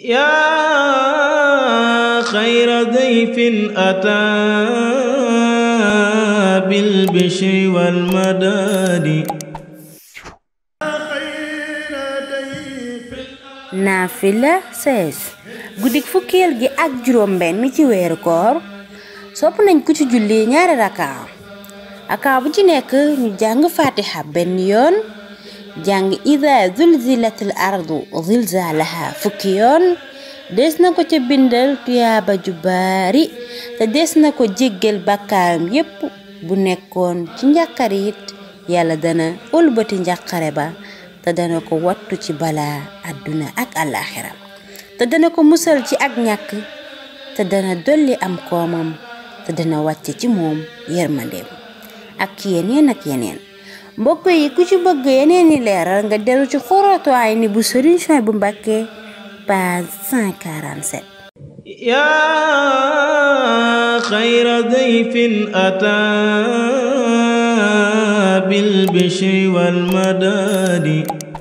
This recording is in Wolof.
yaa xayra dayfin ataa bil bishri wal madaadi naafila 16 guddik fukkeel gi ak juróom benn ci weeru koor sopp nañ ku ci julli ñaari rakaa rakaa bu ci nekk ñu jàng faatiha benn yoon jàng ida zulzilatil ardu zilzalaha fukki yoon des na ko ca bindal tuyaaba ju baari te des na ko jéggal bakkaaram yépp bu nekkoon ci njàqare it yàlla dana ëlbati njàqare ba te dana ko wattu ci balaa àdduna ak àllaaxira te dana ko musal ci ak ñàkk te dana dolli am koomam te dana wàcce ci moom yërmandeem ak yeneen ak yeneen mbokk yi ku ci bëgg yeneen nga dellu ci xuratu ayni bu Sëriñ Suwaybu bu Mbàkke page 147 yaa xayra dayfin ataa bil bishri wal madadi